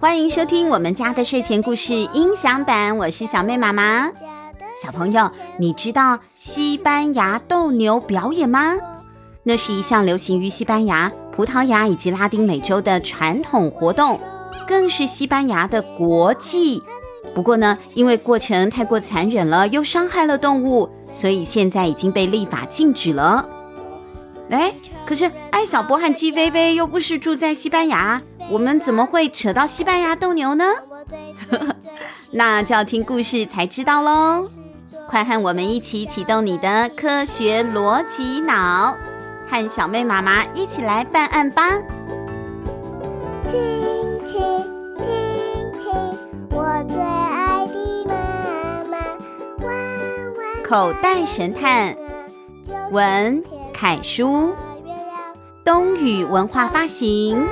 歡迎收聽我們家的睡前故事音享版，我是小妹媽媽。小朋友，你知道西班牙鬥牛表演嗎？那是一項流行於西班牙、葡萄牙以及拉丁美洲的傳統活動，更是西班牙的國技。不過呢，因為過程太過殘忍了，又傷害了動物，所以現在已經被立法禁止了。哎，可是艾小坡和雞飛飛，又不是住在西班牙。我們怎麼會扯到西班牙鬥牛呢？ 那就要聽故事才知道嘍。快和我們一起啟動你的科學邏輯腦，和小妹媽媽一起來辦案吧！親親親親，我最愛的媽媽。彎彎口袋神探，文凱叔，東雨文化發行。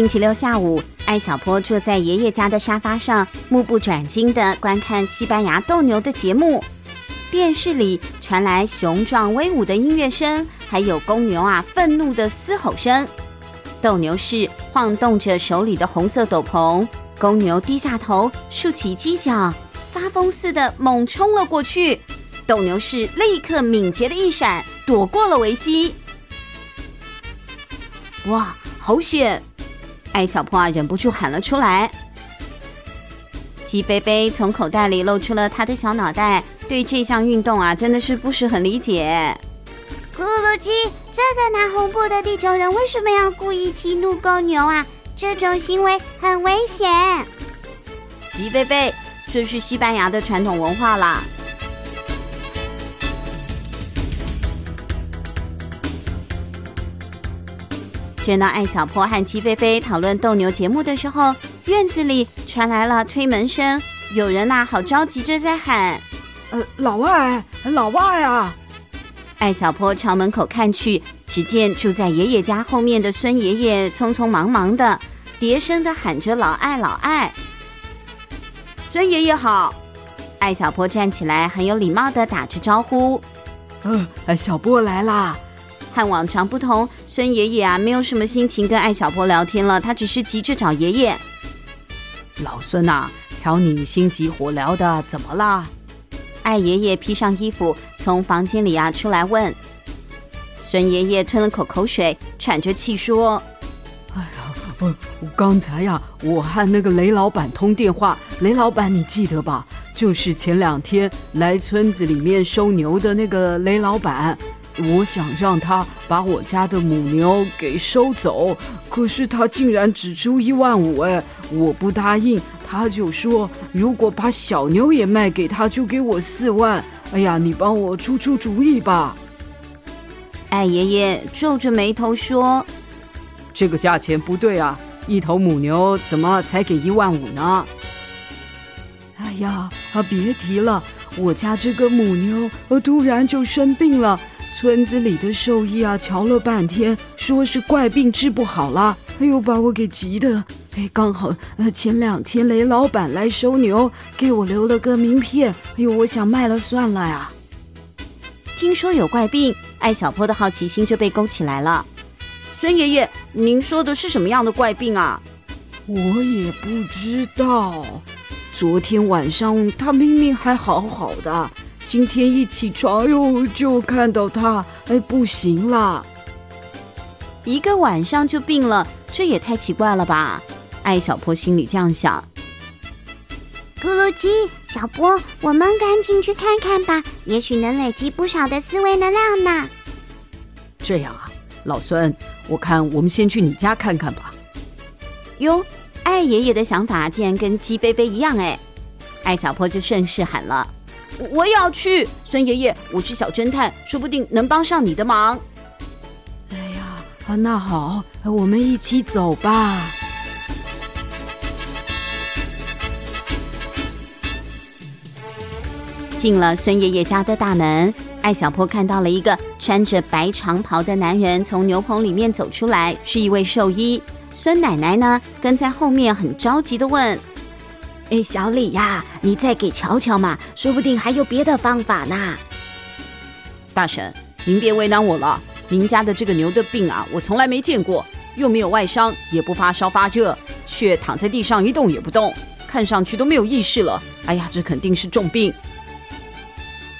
星期六下午，艾小坡坐在爺爺家的沙發上，目不轉睛地觀看西班牙鬥牛的節目。電視裡傳來雄壯威武的音樂聲，還有公牛啊憤怒的嘶吼聲。鬥牛士晃動着手裡的紅色斗篷，公牛低下頭，豎起犄角，發瘋似的猛衝了過去。鬥牛士立刻敏捷的一閃，躲過了危機。哇，好險！艾小坡啊，忍不住喊了出來。雞飛飛從口袋裡露出了他的小腦袋，對這項運動啊，真的是不是很理解。咕嚕雞，這個拿紅布的地球人為什麼要故意激怒公牛啊？這種行為很危險。雞飛飛，這是西班牙的傳統文化啦。正當艾小坡和雞飛飛討論鬥牛節目的時候，院子裡傳來了推門聲，有人吶、啊，好着急着在喊：“呃，老艾，老艾啊！”艾小坡朝門口看去，只見住在爺爺家後面的孫爺爺匆匆忙忙的，疊聲的喊着老艾：“老艾，老艾。”孫爺爺好，艾小坡站起來，很有禮貌的打着招呼：“嗯、啊，小波來啦。”和往常不同，孫爺爺啊沒有什麼心情跟艾小坡聊天了，他只是急着找爺爺。老孫吶、啊，瞧你心急火燎的，怎麼啦？艾爺爺披上衣服從房間裡啊出來問。孫爺爺吞了口口水，喘着氣說：“哎呀，我，我剛才呀、啊，我和那個雷老板通電話，雷老板你記得吧？就是前兩天來村子裡面收牛的那個雷老板。”我想讓他把我家的母牛給收走，可是他竟然只出一萬五哎！我不答應，他就說如果把小牛也賣給他，就給我四萬。哎呀，你幫我出出主意吧。艾、哎、爺爺皺着眉頭說：“這個價錢不對啊，一頭母牛怎麼才給一萬五呢？”哎呀啊，別提了，我家這個母牛呃突然就生病了。村子裡的獸醫啊，瞧了半天，說是怪病治不好了，哎呦把我給急的！哎，剛好，呃，前兩天雷老闆來收牛，給我留了個名片，哎呦，我想賣了算了呀。聽說有怪病，艾小坡的好奇心就被勾起來了。孫爺爺，您說的是什麼樣的怪病啊？我也不知道，昨天晚上他明明還好好的。今天一起床，哎呦，就看到他，哎，不行啦，一個晚上就病了，這也太奇怪了吧！艾小坡心裡這樣想。咕嚕雞，小坡，我們趕緊去看看吧，也許能累積不少的思維能量呢。這樣啊，老孫，我看我們先去你家看看吧。喲，艾爺爺的想法竟然跟雞飛飛一樣，哎，艾小坡就順勢喊了。我也要去，孫爺爺，我是小偵探，說不定能幫上你的忙。哎呀，啊，那好，我們一起走吧。進了孫爺爺家的大門，艾小坡看到了一個穿着白長袍的男人從牛棚裡面走出來，是一位獸醫。孫奶奶呢，跟在後面，很着急的問。誒，小李呀，你再給瞧瞧嘛，說不定還有別的方法呢。大嬸，您別為難我了。您家的這個牛的病啊，我從來沒見過，又沒有外傷，也不發燒發熱，卻躺在地上一動也不動，看上去都沒有意識了。哎呀，這肯定是重病。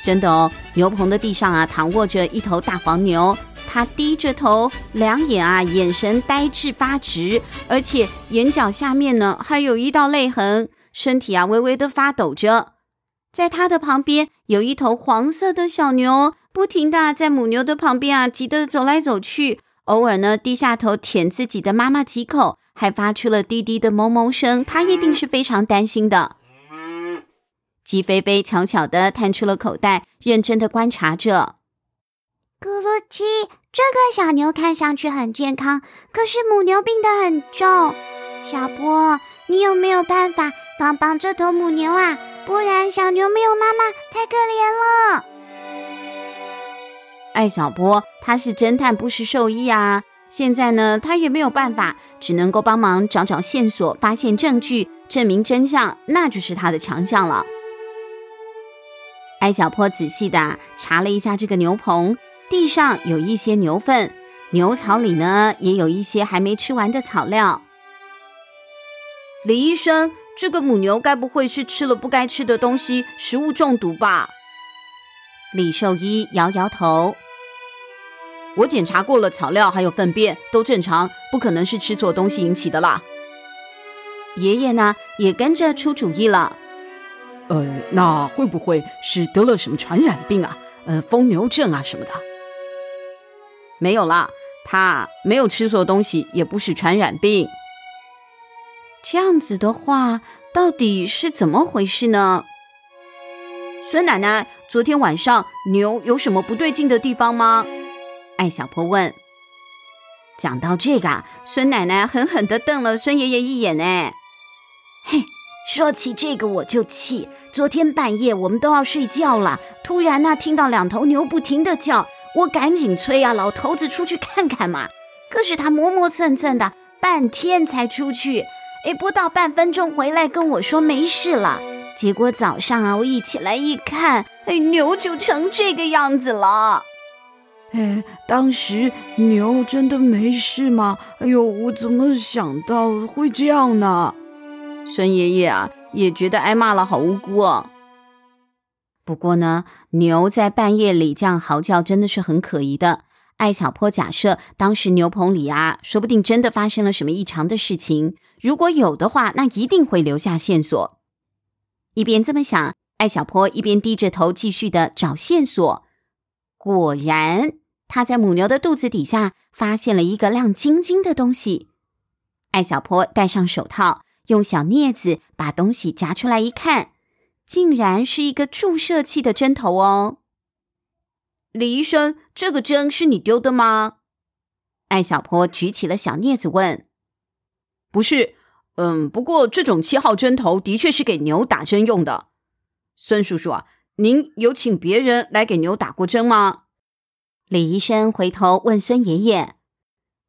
真的哦，牛棚的地上啊，躺臥着一頭大黃牛，它低着頭，兩眼啊，眼神呆滯發直，而且眼角下面呢，還有一道淚痕。身體啊微微的發抖着，在它的旁邊有一頭黃色的小牛，不停的、啊、在母牛的旁邊啊急得走來走去，偶爾呢低下頭舔自己的媽媽幾口，還發出了滴滴的哞哞聲。它一定是非常擔心的。雞飛飛悄悄的探出了口袋，認真的觀察着。咕嚕雞，這個小牛看上去很健康，可是母牛病得很重。小波。你有沒有辦法幫幫這頭母牛啊？不然小牛沒有媽媽，太可憐了。艾小坡，他是偵探，不是獸醫啊。現在呢，他也沒有辦法，只能夠幫忙找找線索，發現證據，證明真相，那就是他的強項了。艾小坡仔細的查了一下這個牛棚，地上有一些牛糞，牛槽裡呢也有一些還沒吃完的草料。李醫生，這個母牛該不會是吃了不該吃的東西，食物中毒吧？李獸醫搖搖頭：“我檢查過了，草料還有糞便都正常，不可能是吃錯東西引起的啦。”爺爺呢也跟着出主意了：“呃，那會不會是得了什麼傳染病啊？呃，瘋牛症啊什麼的？沒有啦，他沒有吃錯東西，也不是傳染病。”這樣子的話，到底是怎麼回事呢？孫奶奶，昨天晚上牛有什麼不對勁的地方嗎？艾小坡問。講到這個啊，孫奶奶狠狠地瞪了孫爺爺一眼。哎，嘿，說起這個我就氣。昨天半夜我們都要睡覺了，突然呢、啊、聽到兩頭牛不停的叫，我趕緊催呀、啊，老頭子出去看看嘛。可是他磨磨蹭蹭的，半天才出去。哎，不到半分鐘回來跟我說沒事了，結果早上啊我一起來一看，哎，牛就成這個樣子了。哎，當時牛真的沒事嗎？哎呦，我怎麼想到會這樣呢？孫爺爺啊也覺得挨罵了，好無辜啊。不過呢，牛在半夜裡這樣嚎叫，真的是很可疑的。艾小坡假設，當時牛棚裡啊，說不定真的發生了什麼異常的事情。如果有的話，那一定會留下線索。一邊這麼想，艾小坡一邊低着頭繼續的找線索。果然，他在母牛的肚子底下發現了一個亮晶晶的東西。艾小坡戴上手套，用小鑷子把東西夾出來一看，竟然是一個注射器的針頭哦。李醫生，這個針是你丟的嗎？艾小坡舉起了小鑷子問：“不是，嗯，不過這種七號針頭的確是給牛打針用的。”孫叔叔啊，您有請別人來給牛打過針嗎？李醫生回頭問孫爺爺：“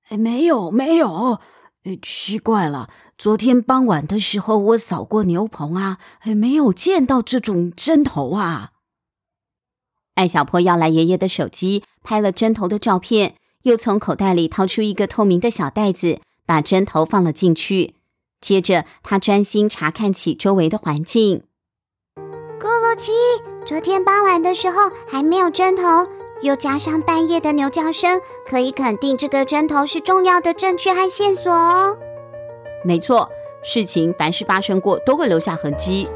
哎，沒有，沒有。哎，奇怪了，昨天傍晚的時候我掃過牛棚啊，哎，沒有見到這種針頭啊。”艾小坡要來爺爺的手機，拍了針頭的照片，又從口袋裡掏出一個透明的小袋子，把針頭放了進去。接着，他專心查看起周圍的環境。咕嚕雞，昨天傍晚的時候還沒有針頭，又加上半夜的牛叫聲，可以肯定這個針頭是重要的證據和線索哦。沒錯，事情凡是發生過，都會留下痕跡。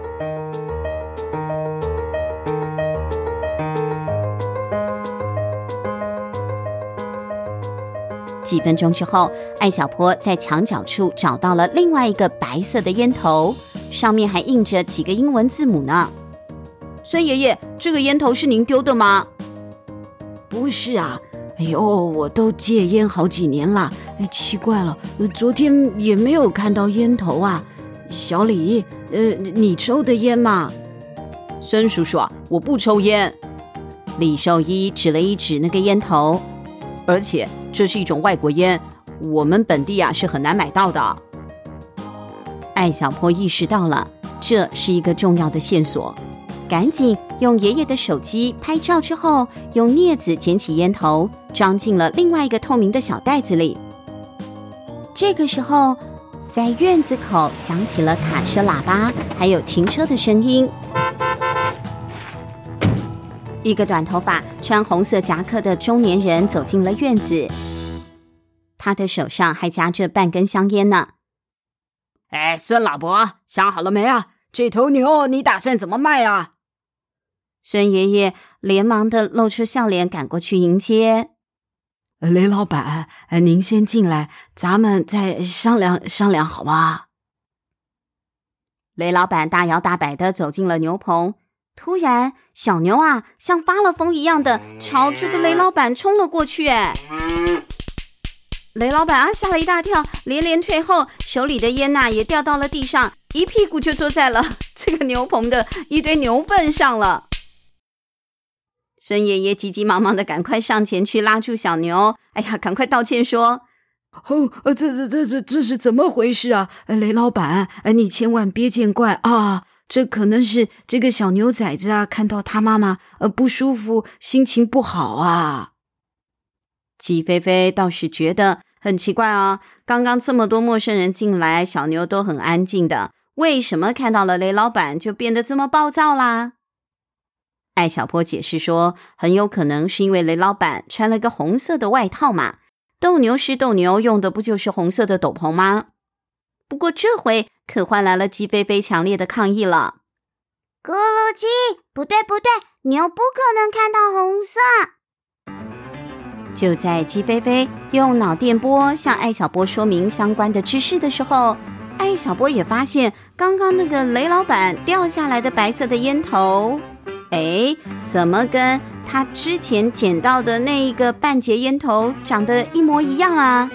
幾分鐘之後，艾小坡在牆角處找到了另外一個白色的菸頭，上面還印着幾個英文字母呢。孫爺爺，這個菸頭是您丟的嗎？不是啊，哎呦，我都戒菸好幾年了，哎，奇怪了，昨天也沒有看到菸頭啊。小李，呃，你抽的菸嗎？孫叔叔啊，我不抽菸。李獸醫指了一指那個菸頭，而且。這是一種外國煙，我們本地啊是很難買到的。艾小坡意識到了，這是一個重要的線索，趕緊用爺爺的手機拍照，之後用鑷子撿起煙頭，裝進了另外一個透明的小袋子裡。這個時候，在院子口響起了卡車喇叭，還有停車的聲音。一個短頭髮、穿紅色夾克的中年人走進了院子，他的手上還夾着半根香菸呢。哎，孫老伯，想好了沒啊？這頭牛你打算怎麼賣啊？孫爺爺連忙的露出笑臉，趕過去迎接。雷老闆，您先進來，咱們再商量商量，好嗎？雷老闆大搖大擺的走進了牛棚。突然，小牛啊，像發了瘋一樣的朝這個雷老板衝了過去。哎，雷老板啊，嚇了一大跳，連連退後，手裡的煙吶也掉到了地上，一屁股就坐在了這個牛棚的一堆牛糞上了。孫爺爺急急忙忙的趕快上前去拉住小牛，哎呀，趕快道歉說：“哦，這這這這這是怎麼回事啊？雷老板，你千萬別見怪啊！”這可能是這個小牛崽子，啊，看到他媽媽呃，不舒服，心情不好啊。雞飛飛倒是覺得很奇怪啊、哦，剛剛這麼多陌生人進來，小牛都很安靜的，為什麼看到了雷老板就變得這麼暴躁啦？艾小坡解釋說，很有可能是因為雷老板穿了個紅色的外套嘛，鬥牛士鬥牛用的不就是紅色的斗篷嗎？不過這回。可換來了雞飛飛強烈的抗議了。咕嚕雞，不對不對，你又不可能看到紅色。就在雞飛飛用腦電波向艾小波說明相關的知識的時候，艾小波也發現，剛剛那個雷老板掉下來的白色的煙頭，哎，怎麼跟他之前撿到的那一個半截煙頭長得一模一樣啊？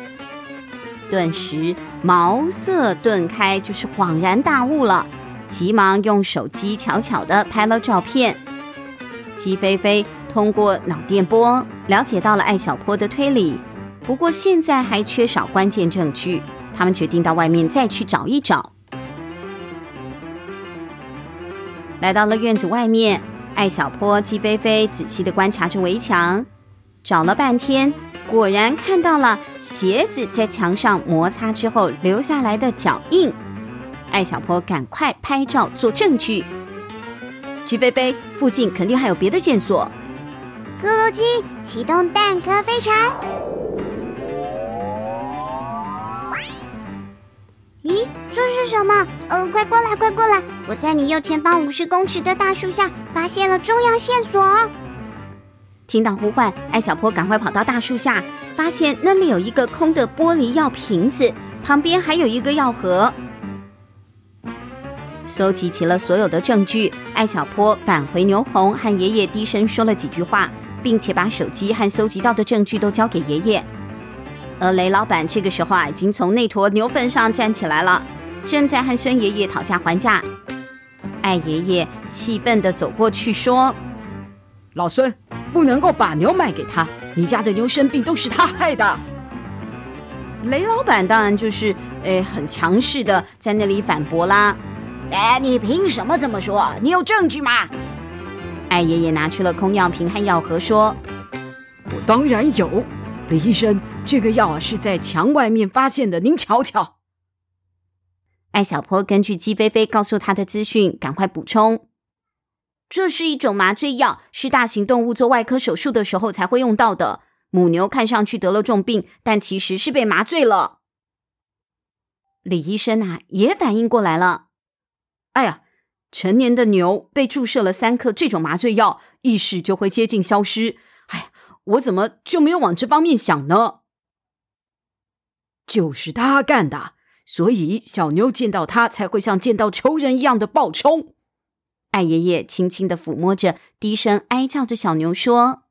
頓時。茅塞頓開，就是恍然大悟了，急忙用手機悄悄的拍了照片。雞飛飛通過腦電波了解到了艾小坡的推理，不過現在還缺少關鍵證據，他們決定到外面再去找一找。來到了院子外面，艾小坡、雞飛飛仔細的觀察着圍牆，找了半天。果然看到了鞋子在牆上摩擦之後留下來的腳印，艾小坡，趕快拍照做證據。雞飛飛，附近肯定還有別的線索。咕嚕雞，啟動蛋殼飛船。咦，這是什麼？呃，快過來，快過來！我在你右前方五十公尺的大樹下發現了重要線索。聽到呼喚，艾小坡趕快跑到大樹下，發現那裡有一個空的玻璃藥瓶子，旁邊還有一個藥盒。搜集齊了所有的證據，艾小坡返回牛棚，和爺爺低聲說了幾句話，並且把手機和搜集到的證據都交給爺爺。而雷老板這個時候啊，已經從那坨牛糞上站起來了，正在和孫爺爺討價還價。艾爺爺氣憤地走過去說。老孫，不能夠把牛賣給他。你家的牛生病，都是他害的。雷老板當然就是，誒很強勢的在那裡反駁啦。哎，你憑什麼這麼說？你有證據嗎？艾爺爺拿出了空藥瓶和藥盒，說：“我當然有，李醫生，這個藥啊是在牆外面發現的，您瞧瞧。”艾小坡根據雞飛飛告訴他的資訊，趕快補充。這是一種麻醉藥，是大型動物做外科手術的時候才會用到的。母牛看上去得了重病，但其實是被麻醉了。李醫生吶、啊，也反應過來了。哎呀，成年的牛被注射了三顆這種麻醉藥，意識就會接近消失。哎呀，我怎麼就沒有往這方面想呢？就是他幹的，所以小牛見到他才會像見到仇人一樣的暴衝。艾爺爺輕輕的撫摸着，低聲哀叫着小牛說：“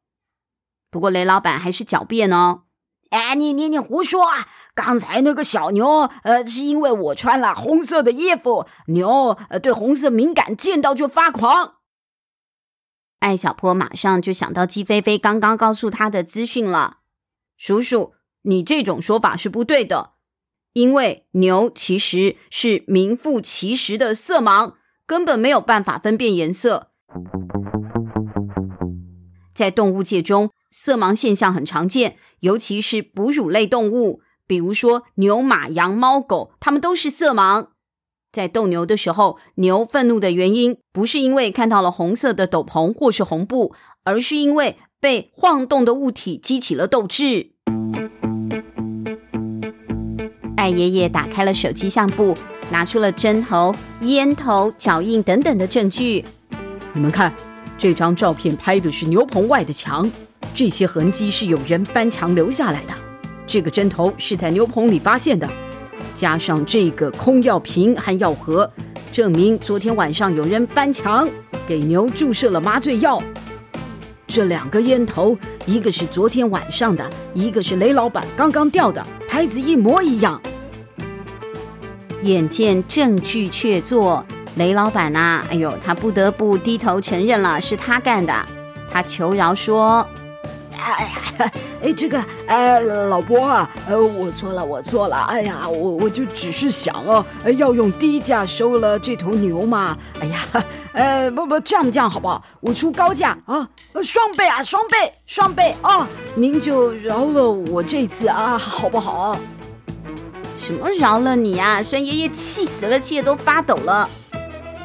不過雷老板還是狡辯哦，哎，你你你胡說！啊，剛才那個小牛，呃，是因為我穿了紅色的衣服，牛呃對紅色敏感，見到就發狂。”艾小坡馬上就想到雞飛飛剛剛告訴他的資訊了：“叔叔，你這種說法是不對的，因為牛其實是名副其實的色盲。”根本沒有辦法分辨顏色。在動物界中，色盲現象很常見，尤其是哺乳類動物，比如說牛、馬、羊、貓、狗，它們都是色盲。在鬥牛的時候，牛憤怒的原因不是因為看到了紅色的斗篷或是紅布，而是因為被晃動的物體激起了鬥志。艾爺爺打開了手機相簿。拿出了針頭、煙頭、腳印等等的證據。你們看，這張照片拍的是牛棚外的牆，這些痕迹是有人翻牆留下來的。這個針頭是在牛棚裡發現的，加上這個空藥瓶和藥盒，證明昨天晚上有人翻牆給牛注射了麻醉藥。這兩個煙頭，一個是昨天晚上的，一個是雷老闆剛剛掉的，牌子一模一樣。眼見證據確鑿，雷老闆吶、啊，哎呦，他不得不低頭承認了，是他幹的。他求饒說：“哎呀，哎，這個，哎，老伯啊，呃，我錯了，我錯了。哎呀，我我就只是想啊、哦，要用低價收了這頭牛嘛。哎呀，呃、哎，不不，這樣不這樣，好不好？我出高價啊，呃，雙倍啊，雙倍，雙倍啊，您就饒了我這次啊，好不好、啊？”怎麼饒了你呀、啊，孫爺爺氣死了，氣得都發抖了。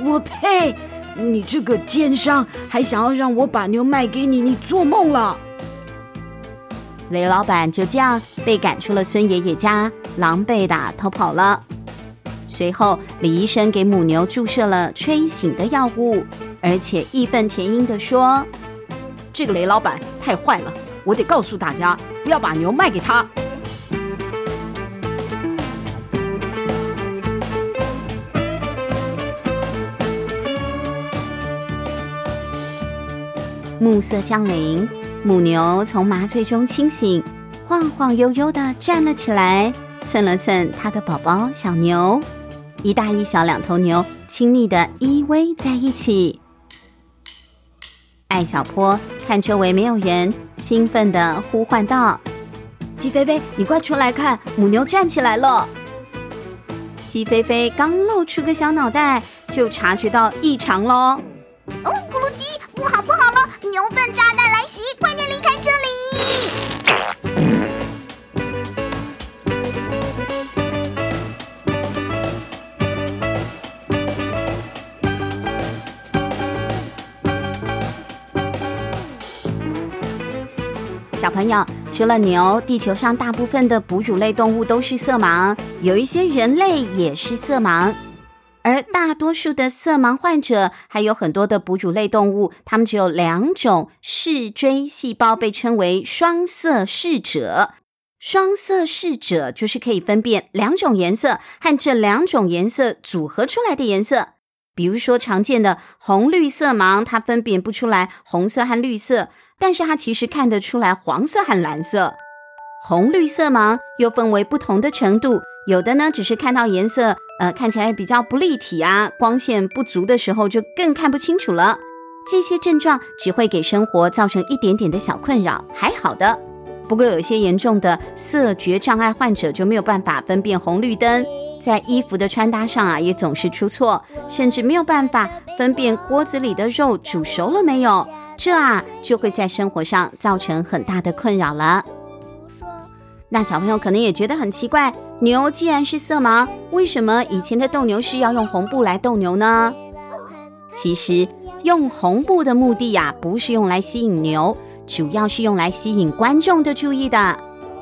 我呸！你這個奸商，還想要讓我把牛賣給你，你做夢了！雷老闆就這樣被趕出了孫爺爺家，狼狽的逃跑了。隨後，李醫生給母牛注射了催醒的藥物，而且義憤填膺地說：“這個雷老闆太壞了，我得告訴大家，不要把牛賣給他。”暮色降臨，母牛從麻醉中清醒，晃晃悠悠的站了起來，蹭了蹭它的寶寶小牛，一大一小兩頭牛親密的依偎在一起。艾小坡看周圍沒有人，興奮的呼喚道：“雞飛飛，你快出來看，母牛站起來了！”雞飛飛剛露出個小腦袋，就察覺到異常嘍：“哦，咕嚕雞，不好不！”牛糞炸彈來襲，快點離開這裡！小朋友，除了牛，地球上大部分的哺乳類動物都是色盲，有一些人類也是色盲。而大多數的色盲患者，還有很多的哺乳類動物，它們只有兩種視錐細胞，被稱為雙色視者。雙色視者就是可以分辨兩種顏色和這兩種顏色組合出來的顏色。比如說常見的紅綠色盲，它分辨不出來紅色和綠色，但是它其實看得出來黃色和藍色。紅綠色盲又分為不同的程度，有的呢，只是看到顏色。呃，看起來比較不立體啊，光線不足的時候就更看不清楚了。這些症狀只會給生活造成一點點的小困擾，還好的。不過有些嚴重的色覺障礙患者就沒有辦法分辨紅綠燈，在衣服的穿搭上啊也總是出錯，甚至沒有辦法分辨鍋子裡的肉煮熟了沒有，這啊就會在生活上造成很大的困擾了。那小朋友可能也覺得很奇怪，牛既然是色盲，為什麼以前的鬥牛士要用紅布來鬥牛呢？其實用紅布的目的呀、啊，不是用來吸引牛，主要是用來吸引觀眾的注意的，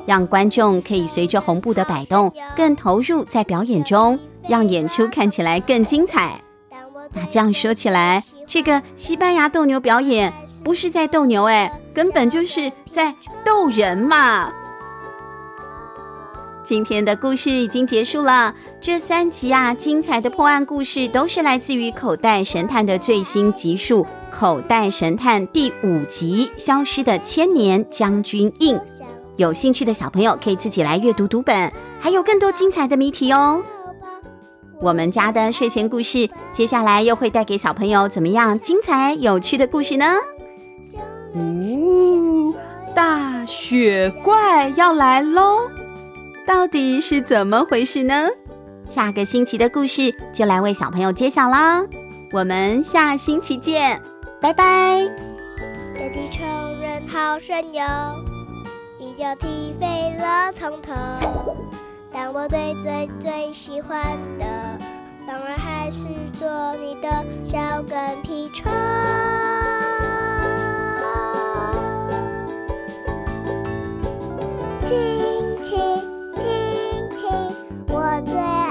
讓觀眾可以隨着紅布的擺動更投入在表演中，讓演出看起來更精彩。那這樣說起來，這個西班牙鬥牛表演不是在鬥牛、欸，誒，根本就是在鬥人嘛。今天的故事已經結束了，這三集啊，精彩的破案故事都是來自於《口袋神探》的最新集數《口袋神探》第五集《消失的千年將軍印》。有興趣的小朋友可以自己來閱讀讀本，還有更多精彩的謎題哦。我們家的睡前故事，接下來又會帶給小朋友怎麼樣精彩有趣的故事呢？嗚，大雪怪要來嘍！到底是怎麼回事呢？下個星期的故事就來為小朋友揭曉啦！我們下星期見，拜拜。這地球人好神勇，一腳踢飛了從頭。但我最最最喜歡的，當然還是做你的小跟屁蟲，親親。親我最愛。